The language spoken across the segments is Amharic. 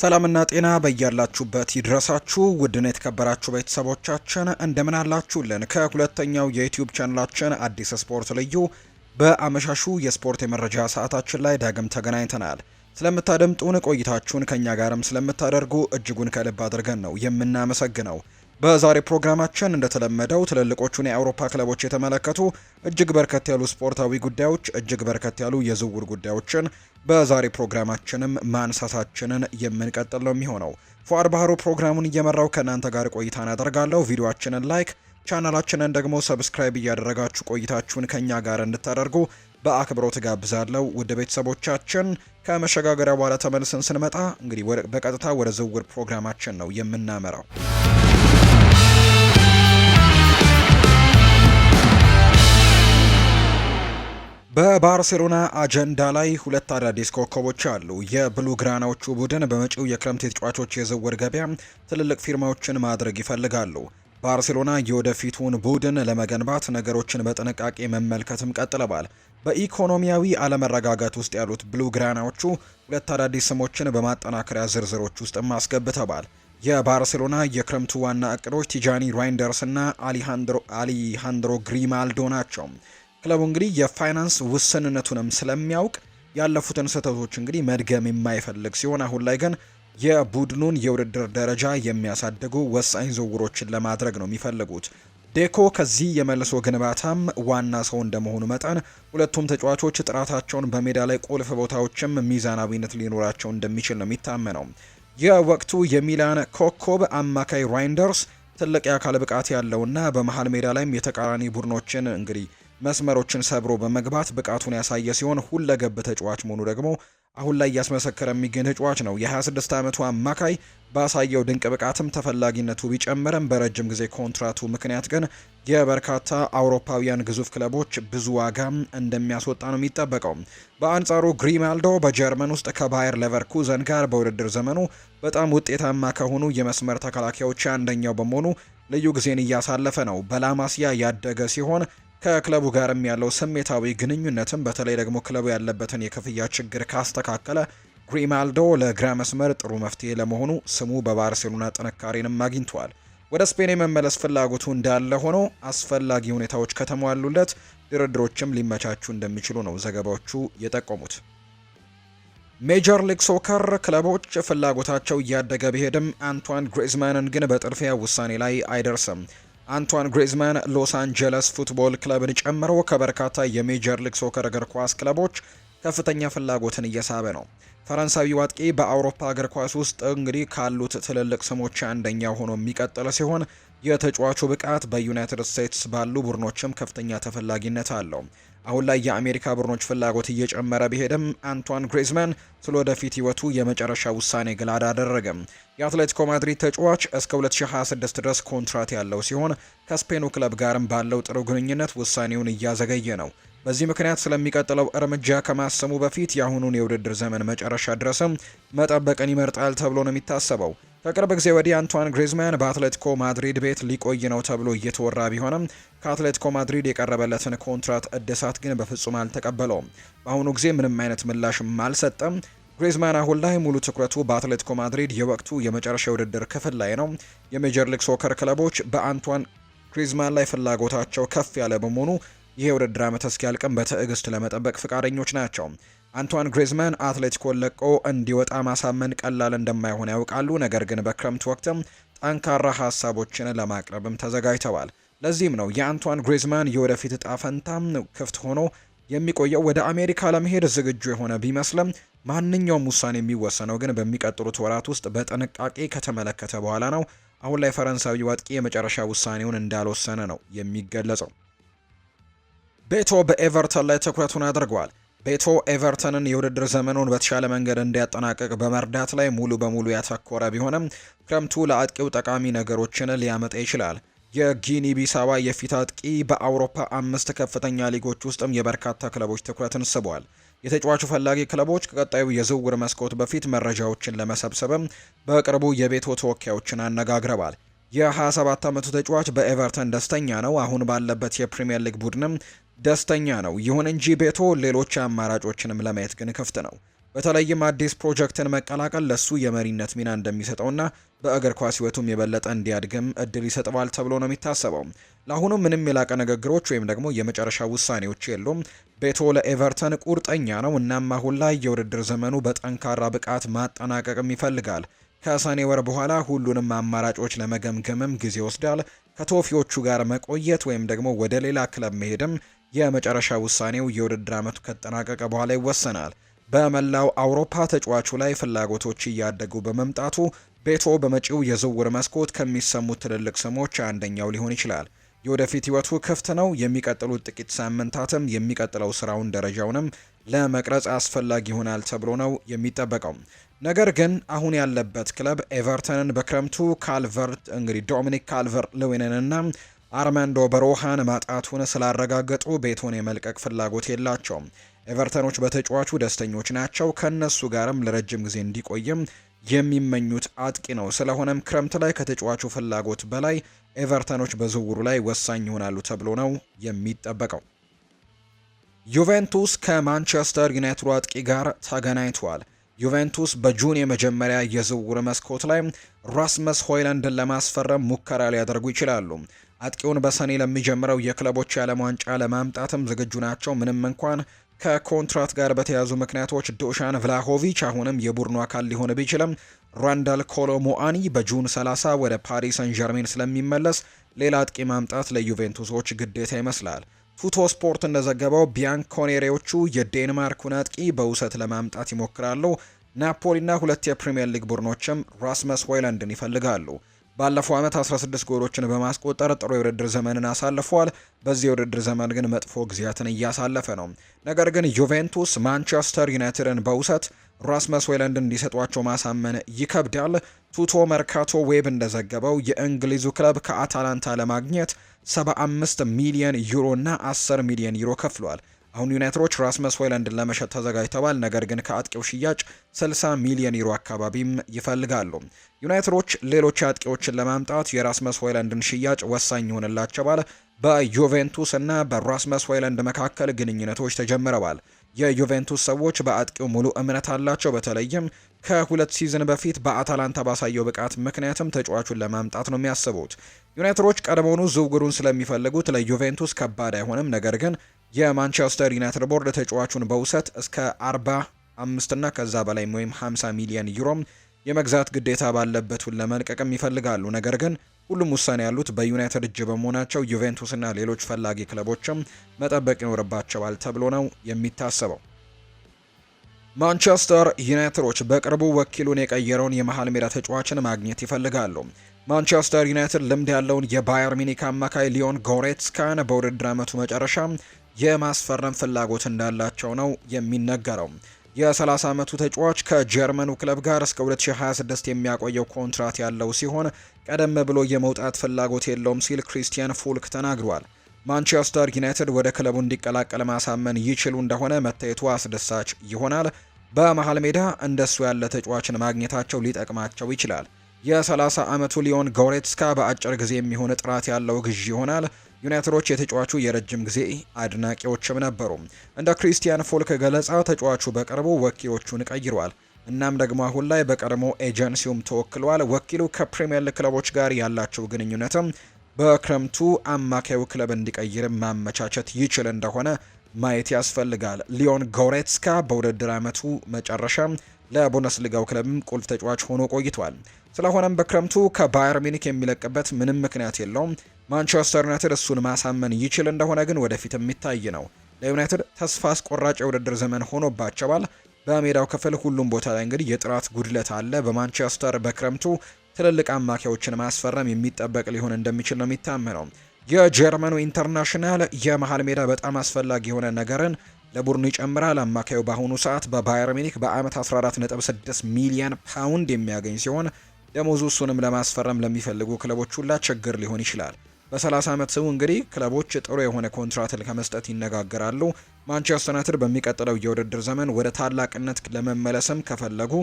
ሰላምና ጤና በያላችሁበት ይድረሳችሁ ውድን የተከበራችሁ ቤተሰቦቻችን እንደምን አላችሁልን? ከሁለተኛው የዩትዩብ ቻናላችን አዲስ ስፖርት ልዩ በአመሻሹ የስፖርት የመረጃ ሰዓታችን ላይ ዳግም ተገናኝተናል። ስለምታደምጡን ቆይታችሁን ከእኛ ጋርም ስለምታደርጉ እጅጉን ከልብ አድርገን ነው የምናመሰግነው። በዛሬ ፕሮግራማችን እንደተለመደው ትልልቆቹን የአውሮፓ ክለቦች የተመለከቱ እጅግ በርከት ያሉ ስፖርታዊ ጉዳዮች፣ እጅግ በርከት ያሉ የዝውውር ጉዳዮችን በዛሬ ፕሮግራማችንም ማንሳታችንን የምንቀጥል ነው የሚሆነው። ፏር ባህሩ ፕሮግራሙን እየመራው ከእናንተ ጋር ቆይታን አደርጋለሁ። ቪዲዮችንን ላይክ ቻናላችንን ደግሞ ሰብስክራይብ እያደረጋችሁ ቆይታችሁን ከኛ ጋር እንድታደርጉ በአክብሮት ጋብዛለሁ። ውድ ቤተሰቦቻችን ከመሸጋገሪያ በኋላ ተመልሰን ስንመጣ እንግዲህ በቀጥታ ወደ ዝውውር ፕሮግራማችን ነው የምናመራው። በባርሴሎና አጀንዳ ላይ ሁለት አዳዲስ ኮከቦች አሉ። የብሉ ግራናዎቹ ቡድን በመጪው የክረምት የተጫዋቾች የዝውውር ገበያ ትልልቅ ፊርማዎችን ማድረግ ይፈልጋሉ። ባርሴሎና የወደፊቱን ቡድን ለመገንባት ነገሮችን በጥንቃቄ መመልከትም ቀጥለዋል። በኢኮኖሚያዊ አለመረጋጋት ውስጥ ያሉት ብሉ ግራናዎቹ ሁለት አዳዲስ ስሞችን በማጠናከሪያ ዝርዝሮች ውስጥም አስገብተዋል። የባርሴሎና የክረምቱ ዋና እቅዶች ቲጃኒ ራይንደርስ እና አሊሃንድሮ ግሪማልዶ ናቸው። ክለቡ እንግዲህ የፋይናንስ ውስንነቱንም ስለሚያውቅ ያለፉትን ስህተቶች እንግዲህ መድገም የማይፈልግ ሲሆን አሁን ላይ ግን የቡድኑን የውድድር ደረጃ የሚያሳድጉ ወሳኝ ዝውውሮችን ለማድረግ ነው የሚፈልጉት። ዴኮ ከዚህ የመልሶ ግንባታም ዋና ሰው እንደመሆኑ መጠን ሁለቱም ተጫዋቾች ጥራታቸውን በሜዳ ላይ ቁልፍ ቦታዎችም ሚዛናዊነት ሊኖራቸው እንደሚችል ነው የሚታመነው። የወቅቱ የሚላን ኮከብ አማካይ ራይንደርስ ትልቅ የአካል ብቃት ያለውና በመሀል ሜዳ ላይም የተቃራኒ ቡድኖችን እንግዲህ መስመሮችን ሰብሮ በመግባት ብቃቱን ያሳየ ሲሆን ሁለገብ ተጫዋች መሆኑ ደግሞ አሁን ላይ እያስመሰከረ የሚገኝ ተጫዋች ነው። የ26 ዓመቱ አማካይ ባሳየው ድንቅ ብቃትም ተፈላጊነቱ ቢጨምርም በረጅም ጊዜ ኮንትራቱ ምክንያት ግን የበርካታ አውሮፓውያን ግዙፍ ክለቦች ብዙ ዋጋም እንደሚያስወጣ ነው የሚጠበቀው። በአንጻሩ ግሪማልዶ በጀርመን ውስጥ ከባየር ሌቨርኩዘን ጋር በውድድር ዘመኑ በጣም ውጤታማ ከሆኑ የመስመር ተከላካዮች አንደኛው በመሆኑ ልዩ ጊዜን እያሳለፈ ነው። በላማሲያ ያደገ ሲሆን ከክለቡ ጋርም ያለው ስሜታዊ ግንኙነትም በተለይ ደግሞ ክለቡ ያለበትን የክፍያ ችግር ካስተካከለ ግሪማልዶ ለግራ መስመር ጥሩ መፍትሄ ለመሆኑ ስሙ በባርሴሎና ጥንካሬንም አግኝቷል። ወደ ስፔን የመመለስ ፍላጎቱ እንዳለ ሆኖ አስፈላጊ ሁኔታዎች ከተሟሉለት ድርድሮችም ሊመቻቹ እንደሚችሉ ነው ዘገባዎቹ የጠቆሙት። ሜጀር ሊግ ሶከር ክለቦች ፍላጎታቸው እያደገ ቢሄድም አንቷን ግሪዝማንን ግን በጥድፊያ ውሳኔ ላይ አይደርስም። አንቷን ግሪዝማን ሎስ አንጀለስ ፉትቦል ክለብን ጨምሮ ከበርካታ የሜጀር ሊግ ሶከር እግር ኳስ ክለቦች ከፍተኛ ፍላጎትን እየሳበ ነው። ፈረንሳዊ አጥቂ በአውሮፓ እግር ኳስ ውስጥ እንግዲህ ካሉት ትልልቅ ስሞች አንደኛ ሆኖ የሚቀጥል ሲሆን የተጫዋቹ ብቃት በዩናይትድ ስቴትስ ባሉ ቡድኖችም ከፍተኛ ተፈላጊነት አለው። አሁን ላይ የአሜሪካ ቡድኖች ፍላጎት እየጨመረ ቢሄድም አንቷን ግሪዝማን ስለ ወደፊት የመጨረሻ ውሳኔ ግል አላደረገም። የአትሌቲኮ ማድሪድ ተጫዋች እስከ 2026 ድረስ ኮንትራት ያለው ሲሆን ከስፔኑ ክለብ ጋርም ባለው ጥሩ ግንኙነት ውሳኔውን እያዘገየ ነው። በዚህ ምክንያት ስለሚቀጥለው እርምጃ ከማሰሙ በፊት የአሁኑን የውድድር ዘመን መጨረሻ ድረስም መጠበቅን ይመርጣል ተብሎ ነው የሚታሰበው። ከቅርብ ጊዜ ወዲህ አንቷን ግሪዝማን በአትሌቲኮ ማድሪድ ቤት ሊቆይ ነው ተብሎ እየተወራ ቢሆንም ከአትሌቲኮ ማድሪድ የቀረበለትን ኮንትራት እድሳት ግን በፍጹም አልተቀበለውም። በአሁኑ ጊዜ ምንም አይነት ምላሽም አልሰጠም። ግሪዝማን አሁን ላይ ሙሉ ትኩረቱ በአትሌቲኮ ማድሪድ የወቅቱ የመጨረሻ ውድድር ክፍል ላይ ነው። የሜጀር ሊግ ሶከር ክለቦች በአንቷን ግሪዝማን ላይ ፍላጎታቸው ከፍ ያለ በመሆኑ ይህ የውድድር ዓመት እስኪያልቅም በትዕግስት ለመጠበቅ ፈቃደኞች ናቸው። አንቷን ግሪዝማን አትሌቲኮን ለቆ እንዲወጣ ማሳመን ቀላል እንደማይሆን ያውቃሉ። ነገር ግን በክረምት ወቅትም ጠንካራ ሀሳቦችን ለማቅረብም ተዘጋጅተዋል። ለዚህም ነው የአንቷን ግሪዝማን የወደፊት እጣ ፈንታም ክፍት ሆኖ የሚቆየው። ወደ አሜሪካ ለመሄድ ዝግጁ የሆነ ቢመስልም ማንኛውም ውሳኔ የሚወሰነው ግን በሚቀጥሉት ወራት ውስጥ በጥንቃቄ ከተመለከተ በኋላ ነው። አሁን ላይ ፈረንሳዊ ወጥቂ የመጨረሻ ውሳኔውን እንዳልወሰነ ነው የሚገለጸው። ቤቶ በኤቨርተን ላይ ትኩረቱን አድርጓል። ቤቶ ኤቨርተንን የውድድር ዘመኑን በተሻለ መንገድ እንዲያጠናቅቅ በመርዳት ላይ ሙሉ በሙሉ ያተኮረ ቢሆንም ክረምቱ ለአጥቂው ጠቃሚ ነገሮችን ሊያመጣ ይችላል። የጊኒ ቢሳዋ የፊት አጥቂ በአውሮፓ አምስት ከፍተኛ ሊጎች ውስጥም የበርካታ ክለቦች ትኩረትን ስቧል። የተጫዋቹ ፈላጊ ክለቦች ከቀጣዩ የዝውውር መስኮት በፊት መረጃዎችን ለመሰብሰብም በቅርቡ የቤቶ ተወካዮችን አነጋግረዋል። የ27 ዓመቱ ተጫዋች በኤቨርተን ደስተኛ ነው። አሁን ባለበት የፕሪምየር ሊግ ቡድንም ደስተኛ ነው። ይሁን እንጂ ቤቶ ሌሎች አማራጮችንም ለማየት ግን ክፍት ነው። በተለይም አዲስ ፕሮጀክትን መቀላቀል ለሱ የመሪነት ሚና እንደሚሰጠውና በእግር ኳስ ሕይወቱም የበለጠ እንዲያድግም እድል ይሰጥባል ተብሎ ነው የሚታሰበው። ለአሁኑ ምንም የላቀ ንግግሮች ወይም ደግሞ የመጨረሻ ውሳኔዎች የሉም። ቤቶ ለኤቨርተን ቁርጠኛ ነው። እናም አሁን ላይ የውድድር ዘመኑ በጠንካራ ብቃት ማጠናቀቅም ይፈልጋል። ከሰኔ ወር በኋላ ሁሉንም አማራጮች ለመገምገምም ጊዜ ይወስዳል። ከቶፊዎቹ ጋር መቆየት ወይም ደግሞ ወደ ሌላ ክለብ መሄድም የመጨረሻ ውሳኔው የውድድር ዓመቱ ከተጠናቀቀ በኋላ ይወሰናል። በመላው አውሮፓ ተጫዋቹ ላይ ፍላጎቶች እያደጉ በመምጣቱ ቤቶ በመጪው የዝውውር መስኮት ከሚሰሙት ትልልቅ ስሞች አንደኛው ሊሆን ይችላል። የወደፊት ህይወቱ ክፍት ነው። የሚቀጥሉት ጥቂት ሳምንታትም የሚቀጥለው ስራውን ደረጃውንም ለመቅረጽ አስፈላጊ ይሆናል ተብሎ ነው የሚጠበቀው። ነገር ግን አሁን ያለበት ክለብ ኤቨርተንን በክረምቱ ካልቨርት እንግዲህ ዶሚኒክ ካልቨርት ልዊንንና አርማንዶ በሮሃን ማጣቱን ስላረጋገጡ ቤቶን የመልቀቅ ፍላጎት የላቸውም። ኤቨርተኖች በተጫዋቹ ደስተኞች ናቸው። ከነሱ ጋርም ለረጅም ጊዜ እንዲቆይም የሚመኙት አጥቂ ነው። ስለሆነም ክረምት ላይ ከተጫዋቹ ፍላጎት በላይ ኤቨርተኖች በዝውውሩ ላይ ወሳኝ ይሆናሉ ተብሎ ነው የሚጠበቀው። ዩቬንቱስ ከማንቸስተር ዩናይትዱ አጥቂ ጋር ተገናኝቷል። ዩቬንቱስ በጁን የመጀመሪያ የዝውውር መስኮት ላይ ራስመስ ሆይላንድን ለማስፈረም ሙከራ ሊያደርጉ ይችላሉ። አጥቂውን በሰኔ ለሚጀምረው የክለቦች የዓለም ዋንጫ ለማምጣትም ዝግጁ ናቸው። ምንም እንኳን ከኮንትራት ጋር በተያዙ ምክንያቶች ዶሻን ቭላሆቪች አሁንም የቡድኑ አካል ሊሆን ቢችልም ሯንዳል ኮሎሞአኒ በጁን 30 ወደ ፓሪስ ሰን ጀርሜን ስለሚመለስ ሌላ አጥቂ ማምጣት ለዩቬንቱሶች ግዴታ ይመስላል። ፉቶ ስፖርት እንደዘገበው ቢያንኮኔሬዎቹ የዴንማርኩን አጥቂ በውሰት ለማምጣት ይሞክራሉ። ናፖሊና ሁለት የፕሪምየር ሊግ ቡድኖችም ራስመስ ሆይላንድን ይፈልጋሉ። ባለፈው ዓመት 16 ጎሎችን በማስቆጠር ጥሩ የውድድር ዘመንን አሳልፏል። በዚህ የውድድር ዘመን ግን መጥፎ ጊዜያትን እያሳለፈ ነው። ነገር ግን ዩቬንቱስ ማንቸስተር ዩናይትድን በውሰት ራስመስ ሆይሉንድ እንዲሰጧቸው ማሳመን ይከብዳል። ቱቶ መርካቶ ዌብ እንደዘገበው የእንግሊዙ ክለብ ከአታላንታ ለማግኘት 75 ሚሊዮን ዩሮ እና 10 ሚሊዮን ዩሮ ከፍሏል። አሁን ዩናይትዶች ራስመስ ሆይለንድን ለመሸጥ ተዘጋጅተዋል። ነገር ግን ከአጥቂው ሽያጭ 60 ሚሊዮን ዩሮ አካባቢም ይፈልጋሉ። ዩናይትዶች ሌሎች አጥቂዎችን ለማምጣት የራስመስ ሆይለንድን ሽያጭ ወሳኝ ይሆንላቸዋል። በዩቬንቱስ እና በራስመስ ሆይለንድ መካከል ግንኙነቶች ተጀምረዋል። የዩቬንቱስ ሰዎች በአጥቂው ሙሉ እምነት አላቸው። በተለይም ከሁለት ሲዝን በፊት በአታላንታ ባሳየው ብቃት ምክንያትም ተጫዋቹን ለማምጣት ነው የሚያስቡት። ዩናይትዶች ቀድሞውኑ ዝውውሩን ስለሚፈልጉት ለዩቬንቱስ ከባድ አይሆንም። ነገር ግን የማንቸስተር ዩናይትድ ቦርድ ተጫዋቹን በውሰት እስከ 45 እና ከዛ በላይ ወይም 50 ሚሊዮን ዩሮም የመግዛት ግዴታ ባለበትን ለመልቀቅም ይፈልጋሉ። ነገር ግን ሁሉም ውሳኔ ያሉት በዩናይትድ እጅ በመሆናቸው ዩቬንቱስና ሌሎች ፈላጊ ክለቦችም መጠበቅ ይኖርባቸዋል ተብሎ ነው የሚታሰበው። ማንቸስተር ዩናይትዶች በቅርቡ ወኪሉን የቀየረውን የመሀል ሜዳ ተጫዋችን ማግኘት ይፈልጋሉ። ማንቸስተር ዩናይትድ ልምድ ያለውን የባየር ሚኒክ አማካይ ሊዮን ጎሬትስካን በውድድር ዓመቱ መጨረሻ የማስፈረም ፍላጎት እንዳላቸው ነው የሚነገረው። የ30 ዓመቱ ተጫዋች ከጀርመኑ ክለብ ጋር እስከ 2026 የሚያቆየው ኮንትራት ያለው ሲሆን ቀደም ብሎ የመውጣት ፍላጎት የለውም ሲል ክሪስቲያን ፉልክ ተናግሯል። ማንቸስተር ዩናይትድ ወደ ክለቡ እንዲቀላቀል ማሳመን ይችሉ እንደሆነ መታየቱ አስደሳች ይሆናል። በመሃል ሜዳ እንደሱ ያለ ተጫዋችን ማግኘታቸው ሊጠቅማቸው ይችላል። የ30 ዓመቱ ሊዮን ጎሬትስካ በአጭር ጊዜ የሚሆን ጥራት ያለው ግዢ ይሆናል። ዩናይትዶች የተጫዋቹ የረጅም ጊዜ አድናቂዎችም ነበሩ። እንደ ክሪስቲያን ፎልክ ገለጻ ተጫዋቹ በቅርቡ ወኪሎቹን ቀይሯል። እናም ደግሞ አሁን ላይ በቀድሞ ኤጀንሲውም ተወክሏል። ወኪሉ ከፕሪምየር ሊግ ክለቦች ጋር ያላቸው ግንኙነትም በክረምቱ አማካዩ ክለብ እንዲቀይር ማመቻቸት ይችል እንደሆነ ማየት ያስፈልጋል። ሊዮን ጎሬትስካ በውድድር ዓመቱ መጨረሻ ለቡንደስሊጋው ክለብም ቁልፍ ተጫዋች ሆኖ ቆይቷል። ስለሆነም በክረምቱ ከባየር ሚኒክ የሚለቅበት ምንም ምክንያት የለውም። ማንቸስተር ዩናይትድ እሱን ማሳመን ይችል እንደሆነ ግን ወደፊት የሚታይ ነው። ለዩናይትድ ተስፋ አስቆራጭ የውድድር ዘመን ሆኖባቸዋል። በሜዳው ክፍል ሁሉም ቦታ ላይ እንግዲህ የጥራት ጉድለት አለ። በማንቸስተር በክረምቱ ትልልቅ አማካዮችን ማስፈረም የሚጠበቅ ሊሆን እንደሚችል ነው የሚታመነው። የጀርመኑ ኢንተርናሽናል የመሀል ሜዳ በጣም አስፈላጊ የሆነ ነገርን ለቡድኑ ይጨምራል። አማካዩ በአሁኑ ሰዓት በባየር ሚኒክ በአመት 14.6 ሚሊዮን ፓውንድ የሚያገኝ ሲሆን ደሞዙ እሱንም ለማስፈረም ለሚፈልጉ ክለቦች ሁላ ችግር ሊሆን ይችላል። በ30 ዓመት ስሙ እንግዲህ ክለቦች ጥሩ የሆነ ኮንትራትን ከመስጠት ይነጋገራሉ። ማንቸስተር ዩናይትድ በሚቀጥለው የውድድር ዘመን ወደ ታላቅነት ለመመለስም ከፈለጉ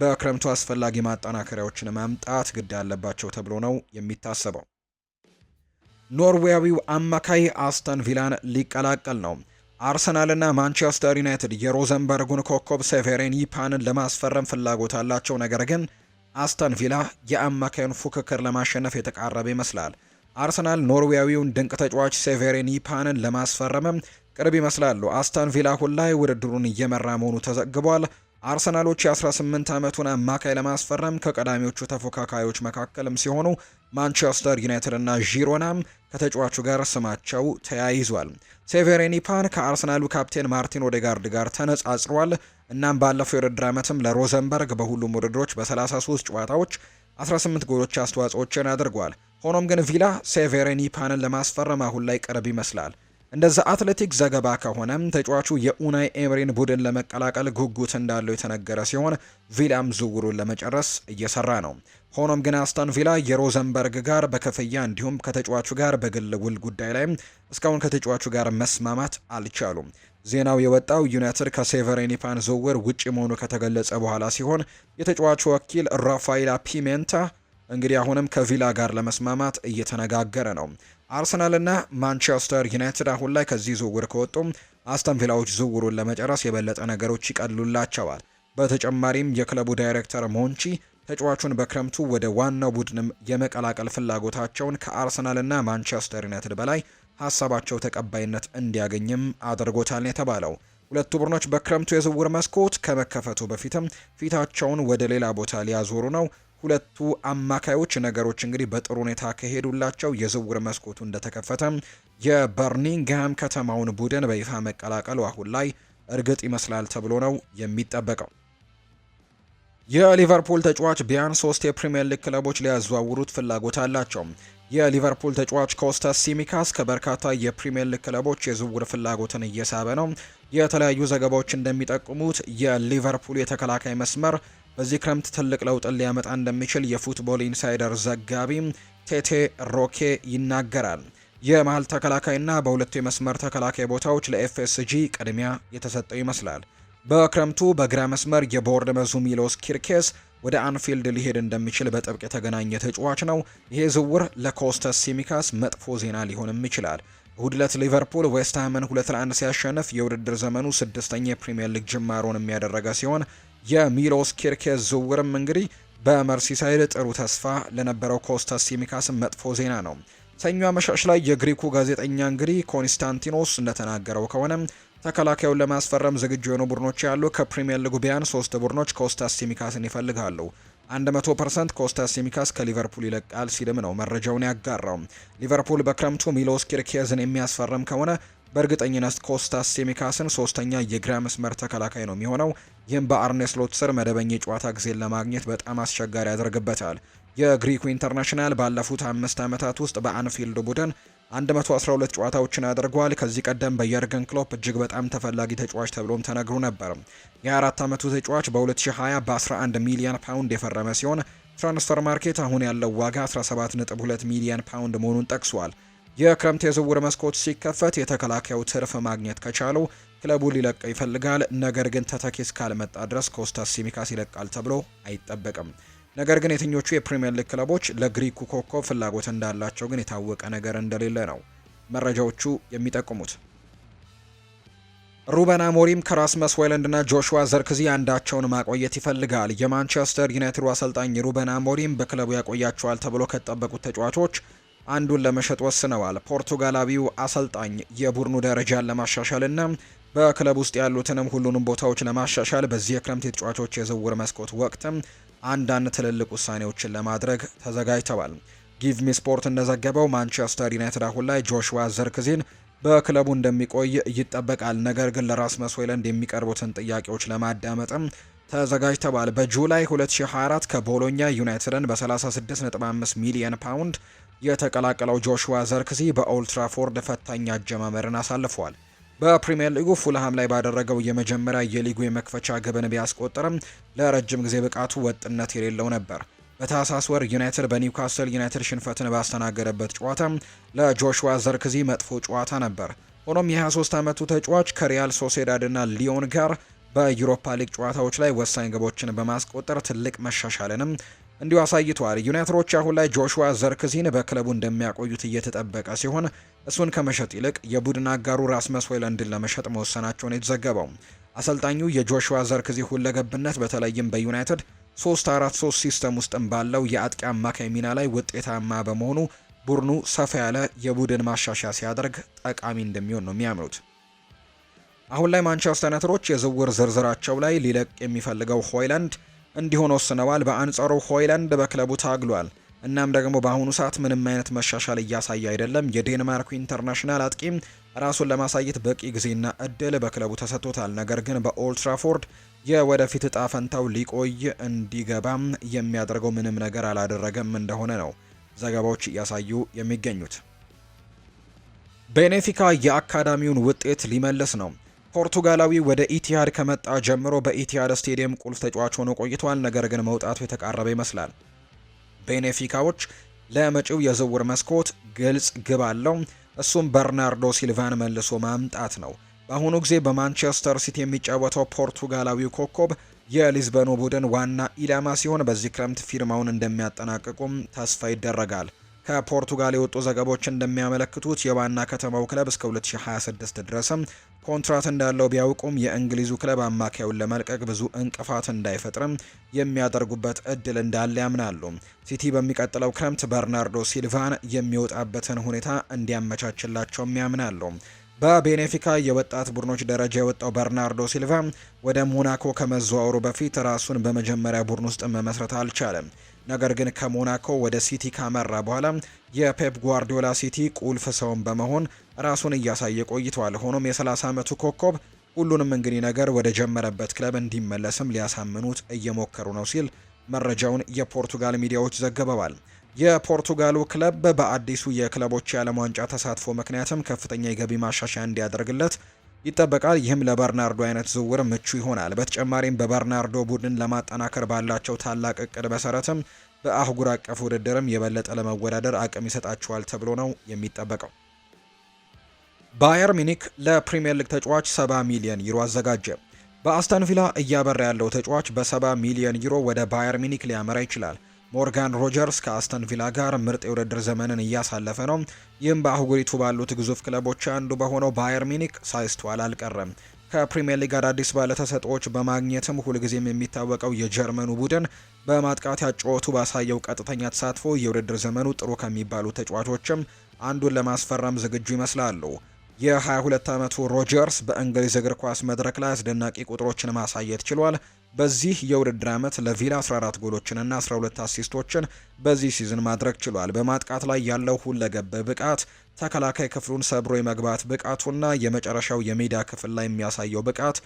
በክረምቱ አስፈላጊ ማጠናከሪያዎችን ማምጣት ግድ አለባቸው ተብሎ ነው የሚታሰበው። ኖርዌያዊው አማካይ አስተን ቪላን ሊቀላቀል ነው። አርሰናልና ማንቸስተር ዩናይትድ የሮዘንበርጉን ኮከብ ሴቬሬን ይፓንን ለማስፈረም ፍላጎት አላቸው። ነገር ግን አስተን ቪላ የአማካዩን ፉክክር ለማሸነፍ የተቃረበ ይመስላል። አርሰናል ኖርዌያዊውን ድንቅ ተጫዋች ሴቬሬን ይፓንን ለማስፈረምም ቅርብ ይመስላሉ። አስተን ቪላ ሁላይ ውድድሩን እየመራ መሆኑ ተዘግቧል። አርሰናሎች የ18 ዓመቱን አማካይ ለማስፈረም ከቀዳሚዎቹ ተፎካካዮች መካከልም ሲሆኑ ማንቸስተር ዩናይትድ እና ዢሮናም ከተጫዋቹ ጋር ስማቸው ተያይዟል። ሴቬሬኒ ፓን ከአርሰናሉ ካፕቴን ማርቲን ኦዴጋርድ ጋር ተነጻጽሯል። እናም ባለፈው የውድድር ዓመትም ለሮዘንበርግ በሁሉም ውድድሮች በ33 ጨዋታዎች 18 ጎሎች አስተዋጽኦችን አድርጓል። ሆኖም ግን ቪላ ሴቬሬኒ ፓንን ለማስፈረም አሁን ላይ ቅርብ ይመስላል። እንደዚ አትሌቲክ ዘገባ ከሆነ ተጫዋቹ የኡናይ ኤምሪን ቡድን ለመቀላቀል ጉጉት እንዳለው የተነገረ ሲሆን ቪላም ዝውውሩን ለመጨረስ እየሰራ ነው። ሆኖም ግን አስተን ቪላ የሮዘንበርግ ጋር በክፍያ እንዲሁም ከተጫዋቹ ጋር በግል ውል ጉዳይ ላይ እስካሁን ከተጫዋቹ ጋር መስማማት አልቻሉም። ዜናው የወጣው ዩናይትድ ከሴቨሬኒፓን ዝውውር ውጭ መሆኑ ከተገለጸ በኋላ ሲሆን የተጫዋቹ ወኪል ራፋኤላ ፒሜንታ እንግዲህ አሁንም ከቪላ ጋር ለመስማማት እየተነጋገረ ነው። አርሰናልና ማንቸስተር ዩናይትድ አሁን ላይ ከዚህ ዝውውር ከወጡም አስተን ቪላዎች ዝውውሩን ለመጨረስ የበለጠ ነገሮች ይቀሉላቸዋል። በተጨማሪም የክለቡ ዳይሬክተር ሞንቺ ተጫዋቹን በክረምቱ ወደ ዋናው ቡድንም የመቀላቀል ፍላጎታቸውን ከአርሰናልና ማንቸስተር ዩናይትድ በላይ ሀሳባቸው ተቀባይነት እንዲያገኝም አድርጎታል የተባለው ሁለቱ ቡድኖች በክረምቱ የዝውውር መስኮት ከመከፈቱ በፊትም ፊታቸውን ወደ ሌላ ቦታ ሊያዞሩ ነው። ሁለቱ አማካዮች ነገሮች እንግዲህ በጥሩ ሁኔታ ከሄዱላቸው የዝውውር መስኮቱ እንደተከፈተ የበርኒንግሃም ከተማውን ቡድን በይፋ መቀላቀሉ አሁን ላይ እርግጥ ይመስላል ተብሎ ነው የሚጠበቀው። የሊቨርፑል ተጫዋች ቢያንስ ሶስት የፕሪምየር ሊግ ክለቦች ሊያዘዋውሩት ፍላጎት አላቸው። የሊቨርፑል ተጫዋች ኮስታስ ሲሚካስ ከበርካታ የፕሪምየር ሊግ ክለቦች የዝውውር ፍላጎትን እየሳበ ነው። የተለያዩ ዘገባዎች እንደሚጠቁሙት የሊቨርፑል የተከላካይ መስመር በዚህ ክረምት ትልቅ ለውጥ ሊያመጣ እንደሚችል የፉትቦል ኢንሳይደር ዘጋቢ ቴቴ ሮኬ ይናገራል። የመሀል ተከላካይና በሁለቱ የመስመር ተከላካይ ቦታዎች ለኤፍኤስጂ ቅድሚያ የተሰጠው ይመስላል። በክረምቱ በግራ መስመር የቦርድ መዙ ሚሎስ ኪርኬስ ወደ አንፊልድ ሊሄድ እንደሚችል በጥብቅ የተገናኘ ተጫዋች ነው። ይሄ ዝውውር ለኮስተስ ሲሚካስ መጥፎ ዜና ሊሆንም ይችላል። እሁድ ዕለት ሊቨርፑል ዌስትሃምን ሁለት ለአንድ ሲያሸንፍ የውድድር ዘመኑ ስድስተኛ የፕሪምየር ሊግ ጅማሮን የሚያደረገ ሲሆን የሚሎስ ኪርኬዝ ዝውውርም እንግዲህ በመርሲሳይድ ጥሩ ተስፋ ለነበረው ኮስታስ ሲሚካስ መጥፎ ዜና ነው። ሰኞ አመሻሽ ላይ የግሪኩ ጋዜጠኛ እንግዲህ ኮንስታንቲኖስ እንደተናገረው ከሆነ ተከላካዩን ለማስፈረም ዝግጁ የሆኑ ቡድኖች ያሉ ከፕሪሚየር ሊጉ ቢያንስ ሶስት ቡድኖች ኮስታስ ሲሚካስን ይፈልጋሉ። 100% ኮስታስ ሲሚካስ ከሊቨርፑል ይለቃል ሲልም ነው መረጃውን ያጋራው። ሊቨርፑል በክረምቱ ሚሎስ ኪርኬዝን የሚያስፈርም ከሆነ በእርግጠኝነት ኮስታስ ሴሚካስን ሶስተኛ የግራ መስመር ተከላካይ ነው የሚሆነው። ይህም በአርኔስሎት ስር መደበኛ የጨዋታ ጊዜን ለማግኘት በጣም አስቸጋሪ ያደርግበታል። የግሪኩ ኢንተርናሽናል ባለፉት አምስት ዓመታት ውስጥ በአንፊልድ ቡድን 112 ጨዋታዎችን አድርጓል። ከዚህ ቀደም በየርገን ክሎፕ እጅግ በጣም ተፈላጊ ተጫዋች ተብሎም ተነግሮ ነበር። የ24 ዓመቱ ተጫዋች በ2020 በ11 ሚሊዮን ፓውንድ የፈረመ ሲሆን ትራንስፈር ማርኬት አሁን ያለው ዋጋ 17.2 ሚሊዮን ፓውንድ መሆኑን ጠቅሷል። የክረምት የዝውውር መስኮት ሲከፈት የተከላካዩ ትርፍ ማግኘት ከቻሉ ክለቡ ሊለቀው ይፈልጋል። ነገር ግን ተተኪ እስካልመጣ ድረስ ኮስታስ ሲሚካስ ይለቃል ተብሎ አይጠበቅም። ነገር ግን የትኞቹ የፕሪምየር ሊግ ክለቦች ለግሪኩ ኮከብ ፍላጎት እንዳላቸው ግን የታወቀ ነገር እንደሌለ ነው መረጃዎቹ የሚጠቁሙት። ሩበን አሞሪም ከራስመስ ሆይለንድና ጆሹዋ ዘርክዚ አንዳቸውን ማቆየት ይፈልጋል። የማንቸስተር ዩናይትዱ አሰልጣኝ ሩበን አሞሪም በክለቡ ያቆያቸዋል ተብሎ ከጠበቁት ተጫዋቾች አንዱን ለመሸጥ ወስነዋል። ፖርቱጋላዊው አሰልጣኝ የቡድኑ ደረጃን ለማሻሻልና በክለብ ውስጥ ያሉትንም ሁሉንም ቦታዎች ለማሻሻል በዚህ የክረምት የተጫዋቾች የዝውውር መስኮት ወቅትም አንዳንድ ትልልቅ ውሳኔዎችን ለማድረግ ተዘጋጅተዋል። ጊቭ ሚ ስፖርት እንደዘገበው ማንቸስተር ዩናይትድ አሁን ላይ ጆሽዋ ዘርክዚን በክለቡ እንደሚቆይ ይጠበቃል። ነገር ግን ለራስመስ ሆይሉንድ የሚቀርቡትን ጥያቄዎች ለማዳመጥም ተዘጋጅተዋል። በጁላይ 2024 ከቦሎኛ ዩናይትድን በ36.5 ሚሊየን ፓውንድ የተቀላቀለው ጆሹዋ ዘርክዚ በኦልትራፎርድ ፈታኝ አጀማመርን አሳልፏል። በፕሪምየር ሊጉ ፉልሃም ላይ ባደረገው የመጀመሪያ የሊጉ የመክፈቻ ግብን ቢያስቆጥርም ለረጅም ጊዜ ብቃቱ ወጥነት የሌለው ነበር። በታህሳስ ወር ዩናይትድ በኒውካስል ዩናይትድ ሽንፈትን ባስተናገደበት ጨዋታ ለጆሹዋ ዘርክዚ መጥፎ ጨዋታ ነበር። ሆኖም የ23 ዓመቱ ተጫዋች ከሪያል ሶሴዳድና ሊዮን ጋር በዩሮፓ ሊግ ጨዋታዎች ላይ ወሳኝ ግቦችን በማስቆጠር ትልቅ መሻሻልንም እንዲሁ አሳይቷል። ዩናይትዶች አሁን ላይ ጆሹዋ ዘርክዚን በክለቡ እንደሚያቆዩት እየተጠበቀ ሲሆን እሱን ከመሸጥ ይልቅ የቡድን አጋሩ ራስመስ ሆይለንድን ለመሸጥ መወሰናቸውን የተዘገበው አሰልጣኙ የጆሹዋ ዘርክዚ ሁለገብነት በተለይም በዩናይትድ 3-4-3 ሲስተም ውስጥም ባለው የአጥቂ አማካይ ሚና ላይ ውጤታማ በመሆኑ ቡድኑ ሰፋ ያለ የቡድን ማሻሻያ ሲያደርግ ጠቃሚ እንደሚሆን ነው የሚያምኑት። አሁን ላይ ማንቸስተር ዩናይትዶች የዝውውር ዝርዝራቸው ላይ ሊለቅ የሚፈልገው ሆይላንድ እንዲሆን ወስነዋል። በአንጻሩ ሆይላንድ በክለቡ ታግሏል። እናም ደግሞ በአሁኑ ሰዓት ምንም አይነት መሻሻል እያሳየ አይደለም። የዴንማርኩ ኢንተርናሽናል አጥቂም ራሱን ለማሳየት በቂ ጊዜና እድል በክለቡ ተሰጥቶታል። ነገር ግን በኦልትራፎርድ የወደፊት እጣ ፈንታው ሊቆይ እንዲገባም የሚያደርገው ምንም ነገር አላደረገም እንደሆነ ነው ዘገባዎች እያሳዩ የሚገኙት። ቤኔፊካ የአካዳሚውን ውጤት ሊመልስ ነው። ፖርቱጋላዊ ወደ ኢቲሃድ ከመጣ ጀምሮ በኢቲሃድ ስቴዲየም ቁልፍ ተጫዋች ሆኖ ቆይቷል። ነገር ግን መውጣቱ የተቃረበ ይመስላል። ቤኔፊካዎች ለመጪው የዝውውር መስኮት ግልጽ ግብ አለው። እሱም በርናርዶ ሲልቫን መልሶ ማምጣት ነው። በአሁኑ ጊዜ በማንቸስተር ሲቲ የሚጫወተው ፖርቱጋላዊው ኮከብ የሊዝበኑ ቡድን ዋና ኢላማ ሲሆን በዚህ ክረምት ፊርማውን እንደሚያጠናቅቁም ተስፋ ይደረጋል። ከፖርቱጋል የወጡ ዘገቦች እንደሚያመለክቱት የዋና ከተማው ክለብ እስከ 2026 ድረስም ኮንትራት እንዳለው ቢያውቁም የእንግሊዙ ክለብ አማካዩን ለመልቀቅ ብዙ እንቅፋት እንዳይፈጥርም የሚያደርጉበት እድል እንዳለ ያምናሉ። ሲቲ በሚቀጥለው ክረምት በርናርዶ ሲልቫን የሚወጣበትን ሁኔታ እንዲያመቻችላቸውም ያምናሉ። በቤኔፊካ የወጣት ቡድኖች ደረጃ የወጣው በርናርዶ ሲልቫ ወደ ሞናኮ ከመዘዋወሩ በፊት ራሱን በመጀመሪያ ቡድን ውስጥ መመስረት አልቻለም። ነገር ግን ከሞናኮ ወደ ሲቲ ካመራ በኋላ የፔፕ ጓርዲዮላ ሲቲ ቁልፍ ሰውን በመሆን ራሱን እያሳየ ቆይቷል። ሆኖም የ30 ዓመቱ ኮከብ ሁሉንም እንግዲህ ነገር ወደ ጀመረበት ክለብ እንዲመለስም ሊያሳምኑት እየሞከሩ ነው ሲል መረጃውን የፖርቱጋል ሚዲያዎች ዘግበዋል። የፖርቱጋሉ ክለብ በአዲሱ የክለቦች የዓለም ዋንጫ ተሳትፎ ምክንያትም ከፍተኛ የገቢ ማሻሻያ እንዲያደርግለት ይጠበቃል። ይህም ለበርናርዶ አይነት ዝውውር ምቹ ይሆናል። በተጨማሪም በበርናርዶ ቡድን ለማጠናከር ባላቸው ታላቅ እቅድ መሰረትም በአህጉር አቀፍ ውድድርም የበለጠ ለመወዳደር አቅም ይሰጣቸዋል ተብሎ ነው የሚጠበቀው። ባየር ሚኒክ ለፕሪምየር ሊግ ተጫዋች 70 ሚሊዮን ዩሮ አዘጋጀ። በአስተን ቪላ እያበራ ያለው ተጫዋች በ70 ሚሊዮን ዩሮ ወደ ባየር ሚኒክ ሊያመራ ይችላል። ሞርጋን ሮጀርስ ከአስተን ቪላ ጋር ምርጥ የውድድር ዘመንን እያሳለፈ ነው። ይህም በአህጉሪቱ ባሉት ግዙፍ ክለቦች አንዱ በሆነው ባየር ሚኒክ ሳይስተዋል አልቀረም። ከፕሪምየር ሊግ አዳዲስ ባለተሰጥኦዎች በማግኘትም ሁልጊዜም የሚታወቀው የጀርመኑ ቡድን በማጥቃት ያጫወቱ ባሳየው ቀጥተኛ ተሳትፎ የውድድር ዘመኑ ጥሩ ከሚባሉ ተጫዋቾችም አንዱን ለማስፈረም ዝግጁ ይመስላሉ። የ22 ዓመቱ ሮጀርስ በእንግሊዝ እግር ኳስ መድረክ ላይ አስደናቂ ቁጥሮችን ማሳየት ችሏል። በዚህ የውድድር ዓመት ለቪላ 14 ጎሎችንና 12 አሲስቶችን በዚህ ሲዝን ማድረግ ችሏል። በማጥቃት ላይ ያለው ሁለገብ ብቃት፣ ተከላካይ ክፍሉን ሰብሮ የመግባት ብቃቱና የመጨረሻው የሜዳ ክፍል ላይ የሚያሳየው ብቃት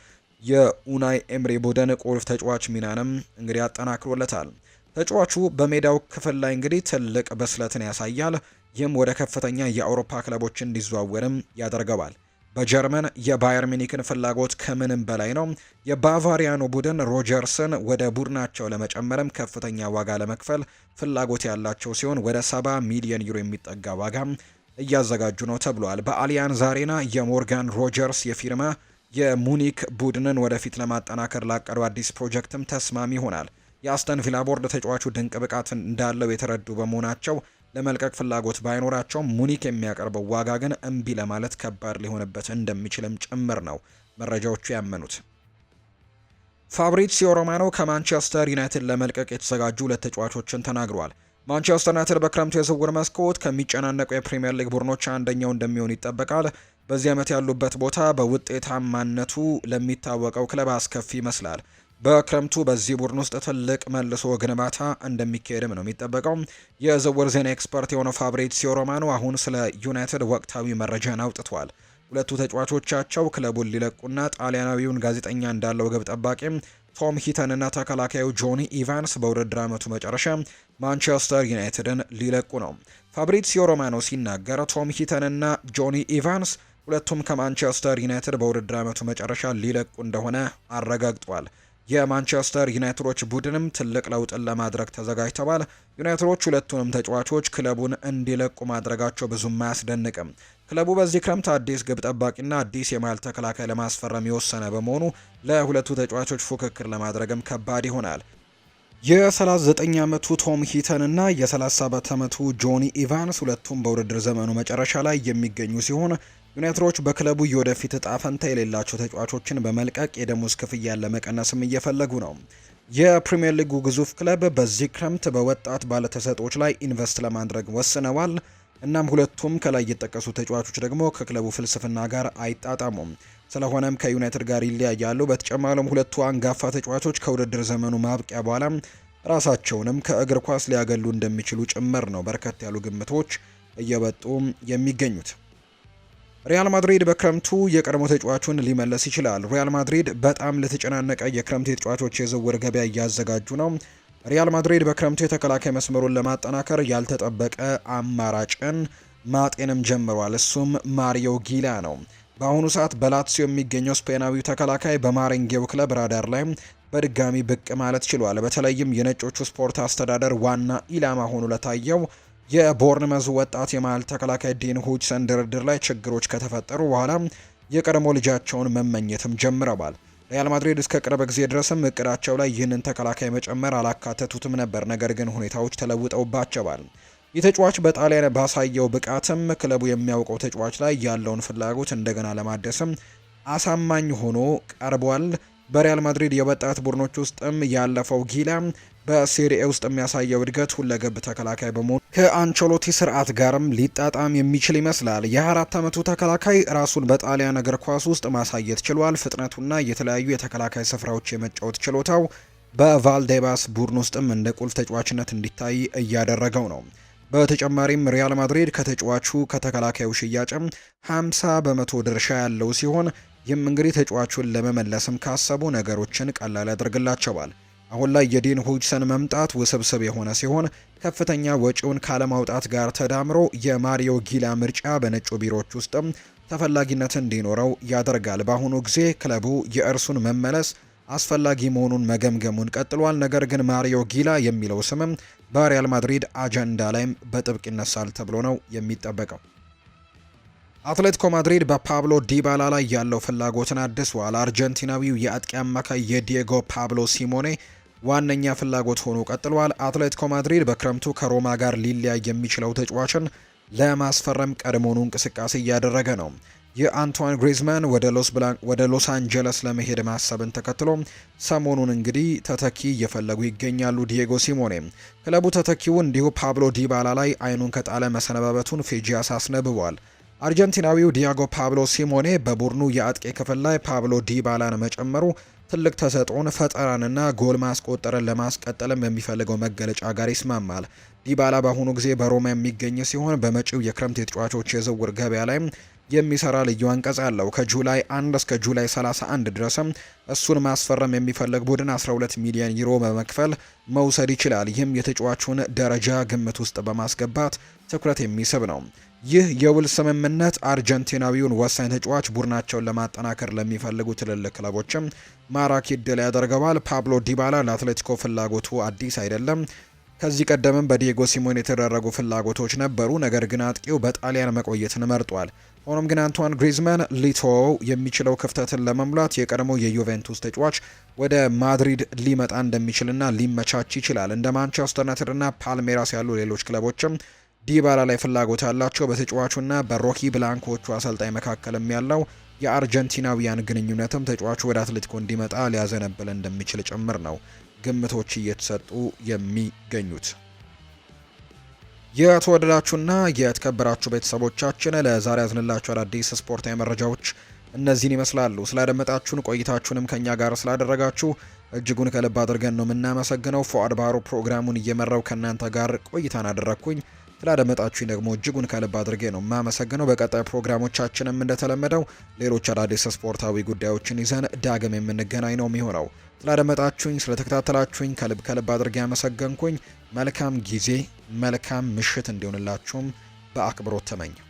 የኡናይ ኤምሪ ቡድን ቁልፍ ተጫዋች ሚናንም እንግዲህ አጠናክሮለታል። ተጫዋቹ በሜዳው ክፍል ላይ እንግዲህ ትልቅ ብስለትን ያሳያል። ይህም ወደ ከፍተኛ የአውሮፓ ክለቦች እንዲዘዋወርም ያደርገዋል። በጀርመን የባየር ሚኒክን ፍላጎት ከምንም በላይ ነው። የባቫሪያኑ ቡድን ሮጀርስን ወደ ቡድናቸው ለመጨመርም ከፍተኛ ዋጋ ለመክፈል ፍላጎት ያላቸው ሲሆን ወደ 70 ሚሊዮን ዩሮ የሚጠጋ ዋጋም እያዘጋጁ ነው ተብሏል። በአሊያንዝ አሬና የሞርጋን ሮጀርስ የፊርማ የሙኒክ ቡድንን ወደፊት ለማጠናከር ላቀዱ አዲስ ፕሮጀክትም ተስማሚ ይሆናል። የአስተን ቪላ ቦርድ ተጫዋቹ ድንቅ ብቃት እንዳለው የተረዱ በመሆናቸው ለመልቀቅ ፍላጎት ባይኖራቸውም ሙኒክ የሚያቀርበው ዋጋ ግን እምቢ ለማለት ከባድ ሊሆንበት እንደሚችልም ጭምር ነው መረጃዎቹ ያመኑት። ፋብሪሲዮ ሮማኖ ከማንቸስተር ዩናይትድ ለመልቀቅ የተዘጋጁ ሁለት ተጫዋቾችን ተናግሯል። ማንቸስተር ዩናይትድ በክረምቱ የዝውውር መስኮት ከሚጨናነቁ የፕሪምየር ሊግ ቡድኖች አንደኛው እንደሚሆን ይጠበቃል። በዚህ ዓመት ያሉበት ቦታ በውጤታማነቱ ለሚታወቀው ክለብ አስከፊ ይመስላል። በክረምቱ በዚህ ቡድን ውስጥ ትልቅ መልሶ ግንባታ እንደሚካሄድም ነው የሚጠበቀው። የዝውውር ዜና ኤክስፐርት የሆነው ፋብሪዚዮ ሮማኖ አሁን ስለ ዩናይትድ ወቅታዊ መረጃን አውጥቷል። ሁለቱ ተጫዋቾቻቸው ክለቡን ሊለቁና ጣሊያናዊውን ጋዜጠኛ እንዳለው ግብ ጠባቂም ቶም ሂተንና ተከላካዩ ጆኒ ኢቫንስ በውድድር ዓመቱ መጨረሻ ማንቸስተር ዩናይትድን ሊለቁ ነው። ፋብሪዚዮ ሮማኖ ሲናገር ቶም እና ጆኒ ኢቫንስ ሁለቱም ከማንቸስተር ዩናይትድ በውድድር ዓመቱ መጨረሻ ሊለቁ እንደሆነ አረጋግጧል። የማንቸስተር ዩናይትዶች ቡድንም ትልቅ ለውጥን ለማድረግ ተዘጋጅተዋል። ዩናይትዶች ሁለቱንም ተጫዋቾች ክለቡን እንዲለቁ ማድረጋቸው ብዙም አያስደንቅም። ክለቡ በዚህ ክረምት አዲስ ግብ ጠባቂና አዲስ የማል ተከላካይ ለማስፈረም የወሰነ በመሆኑ ለሁለቱ ተጫዋቾች ፉክክር ለማድረግም ከባድ ይሆናል። የ39 ዓመቱ ቶም ሂተን እና የ37 ዓመቱ ጆኒ ኢቫንስ ሁለቱም በውድድር ዘመኑ መጨረሻ ላይ የሚገኙ ሲሆን ዩናይትዶች በክለቡ የወደፊት እጣ ፈንታ የሌላቸው ተጫዋቾችን በመልቀቅ የደሞዝ ክፍያን ለመቀነስም እየፈለጉ ነው። የፕሪምየር ሊጉ ግዙፍ ክለብ በዚህ ክረምት በወጣት ባለተሰጦች ላይ ኢንቨስት ለማድረግ ወስነዋል። እናም ሁለቱም ከላይ የተጠቀሱ ተጫዋቾች ደግሞ ከክለቡ ፍልስፍና ጋር አይጣጣሙም። ስለሆነም ከዩናይትድ ጋር ይለያያሉ። በተጨማሪም ሁለቱ አንጋፋ ተጫዋቾች ከውድድር ዘመኑ ማብቂያ በኋላ ራሳቸውንም ከእግር ኳስ ሊያገሉ እንደሚችሉ ጭምር ነው በርከት ያሉ ግምቶች እየበጡ የሚገኙት። ሪያል ማድሪድ በክረምቱ የቀድሞ ተጫዋቹን ሊመለስ ይችላል። ሪያል ማድሪድ በጣም ለተጨናነቀ የክረምት የተጫዋቾች የዝውውር ገበያ እያዘጋጁ ነው። ሪያል ማድሪድ በክረምቱ የተከላካይ መስመሩን ለማጠናከር ያልተጠበቀ አማራጭን ማጤንም ጀምሯል። እሱም ማሪዮ ጊላ ነው። በአሁኑ ሰዓት በላትሲዮ የሚገኘው ስፔናዊው ተከላካይ በማረንጌው ክለብ ራዳር ላይ በድጋሚ ብቅ ማለት ችሏል። በተለይም የነጮቹ ስፖርት አስተዳደር ዋና ኢላማ ሆኖ ለታየው የቦርንመዝ ወጣት የመሀል ተከላካይ ዲን ሁጅሰን ድርድር ላይ ችግሮች ከተፈጠሩ በኋላ የቀድሞ ልጃቸውን መመኘትም ጀምረዋል። ሪያል ማድሪድ እስከ ቅርብ ጊዜ ድረስም እቅዳቸው ላይ ይህንን ተከላካይ መጨመር አላካተቱትም ነበር። ነገር ግን ሁኔታዎች ተለውጠውባቸዋል። የተጫዋች ተጫዋች በጣሊያን ባሳየው ብቃትም ክለቡ የሚያውቀው ተጫዋች ላይ ያለውን ፍላጎት እንደገና ለማደስም አሳማኝ ሆኖ ቀርቧል። በሪያል ማድሪድ የወጣት ቡድኖች ውስጥም ያለፈው ጊላ በሴሪኤ ውስጥ የሚያሳየው እድገት ሁለገብ ተከላካይ በመሆኑ ከአንቸሎቲ ስርዓት ጋርም ሊጣጣም የሚችል ይመስላል የአራት ዓመቱ ተከላካይ ራሱን በጣሊያን እግር ኳስ ውስጥ ማሳየት ችሏል። ፍጥነቱና የተለያዩ የተከላካይ ስፍራዎች የመጫወት ችሎታው በቫልዴባስ ቡድን ውስጥም እንደ ቁልፍ ተጫዋችነት እንዲታይ እያደረገው ነው። በተጨማሪም ሪያል ማድሪድ ከተጫዋቹ ከተከላካዩ ሽያጭም 50 በመቶ ድርሻ ያለው ሲሆን ይህም እንግዲህ ተጫዋቹን ለመመለስም ካሰቡ ነገሮችን ቀላል ያደርግላቸዋል። አሁን ላይ የዲን ሁጅሰን መምጣት ውስብስብ የሆነ ሲሆን ከፍተኛ ወጪውን ካለማውጣት ጋር ተዳምሮ የማሪዮ ጊላ ምርጫ በነጩ ቢሮዎች ውስጥም ተፈላጊነት እንዲኖረው ያደርጋል። በአሁኑ ጊዜ ክለቡ የእርሱን መመለስ አስፈላጊ መሆኑን መገምገሙን ቀጥሏል። ነገር ግን ማሪዮ ጊላ የሚለው ስምም በሪያል ማድሪድ አጀንዳ ላይም በጥብቅ ይነሳል ተብሎ ነው የሚጠበቀው። አትሌቲኮ ማድሪድ በፓብሎ ዲባላ ላይ ያለው ፍላጎትን አድሷል። አርጀንቲናዊው የአጥቂ አማካይ የዲየጎ ፓብሎ ሲሞኔ ዋነኛ ፍላጎት ሆኖ ቀጥሏል። አትሌቲኮ ማድሪድ በክረምቱ ከሮማ ጋር ሊለያይ የሚችለው ተጫዋችን ለማስፈረም ቀድሞውኑ እንቅስቃሴ እያደረገ ነው። የአንቷን ግሪዝማን ወደ ሎስ አንጀለስ ለመሄድ ማሰብን ተከትሎ ሰሞኑን እንግዲህ ተተኪ እየፈለጉ ይገኛሉ። ዲየጎ ሲሞኔ ክለቡ ተተኪው እንዲሁ ፓብሎ ዲባላ ላይ አይኑን ከጣለ መሰነባበቱን ፌጂያስ አስነብቧል። አርጀንቲናዊው ዲያጎ ፓብሎ ሲሞኔ በቡድኑ የአጥቂ ክፍል ላይ ፓብሎ ዲባላን መጨመሩ ትልቅ ተሰጥኦን ፈጠራንና ጎል ማስቆጠርን ለማስቀጠልም የሚፈልገው መገለጫ ጋር ይስማማል። ዲባላ በአሁኑ ጊዜ በሮማ የሚገኝ ሲሆን በመጪው የክረምት የተጫዋቾች የዝውውር ገበያ ላይ የሚሰራ ልዩ አንቀጽ አለው። ከጁላይ 1 እስከ ጁላይ 31 ድረስም እሱን ማስፈረም የሚፈልግ ቡድን 12 ሚሊዮን ዩሮ በመክፈል መውሰድ ይችላል። ይህም የተጫዋቹን ደረጃ ግምት ውስጥ በማስገባት ትኩረት የሚስብ ነው። ይህ የውል ስምምነት አርጀንቲናዊውን ወሳኝ ተጫዋች ቡድናቸውን ለማጠናከር ለሚፈልጉ ትልልቅ ክለቦችም ማራኪ ድል ያደርገዋል። ፓብሎ ዲባላ ለአትሌቲኮ ፍላጎቱ አዲስ አይደለም። ከዚህ ቀደምም በዲየጎ ሲሞን የተደረጉ ፍላጎቶች ነበሩ፣ ነገር ግን አጥቂው በጣሊያን መቆየትን መርጧል። ሆኖም ግን አንቷን ግሪዝማን ሊቶ የሚችለው ክፍተትን ለመሙላት የቀድሞ የዩቬንቱስ ተጫዋች ወደ ማድሪድ ሊመጣ እንደሚችልና ሊመቻች ይችላል። እንደ ማንቸስተር ዩናይትድ ፓልሜራስ ያሉ ሌሎች ክለቦችም ዲባላ ላይ ፍላጎት ያላቸው በተጫዋቹና በሮኪ ብላንኮቹ አሰልጣኝ መካከልም ያለው የአርጀንቲናውያን ግንኙነትም ተጫዋቹ ወደ አትሌቲኮ እንዲመጣ ሊያዘነብል እንደሚችል ጭምር ነው ግምቶች እየተሰጡ የሚገኙት። የተወደዳችሁና የተከበራችሁ ቤተሰቦቻችን ለዛሬ ያዝንላችሁ አዳዲስ ስፖርታዊ መረጃዎች እነዚህን ይመስላሉ። ስላደመጣችሁን ቆይታችሁንም ከኛ ጋር ስላደረጋችሁ እጅጉን ከልብ አድርገን ነው የምናመሰግነው። ፎአድ ፕሮግራሙን እየመራው ከእናንተ ጋር ቆይታን አደረግኩኝ። ስላደመጣችሁኝ ደግሞ እጅጉን ከልብ አድርጌ ነው የማመሰግነው። በቀጣይ ፕሮግራሞቻችንም እንደተለመደው ሌሎች አዳዲስ ስፖርታዊ ጉዳዮችን ይዘን ዳግም የምንገናኝ ነው የሚሆነው። ስላደመጣችሁኝ፣ ስለተከታተላችሁኝ ከልብ ከልብ አድርጌ አመሰገንኩኝ። መልካም ጊዜ፣ መልካም ምሽት እንዲሆንላችሁም በአክብሮት ተመኘው።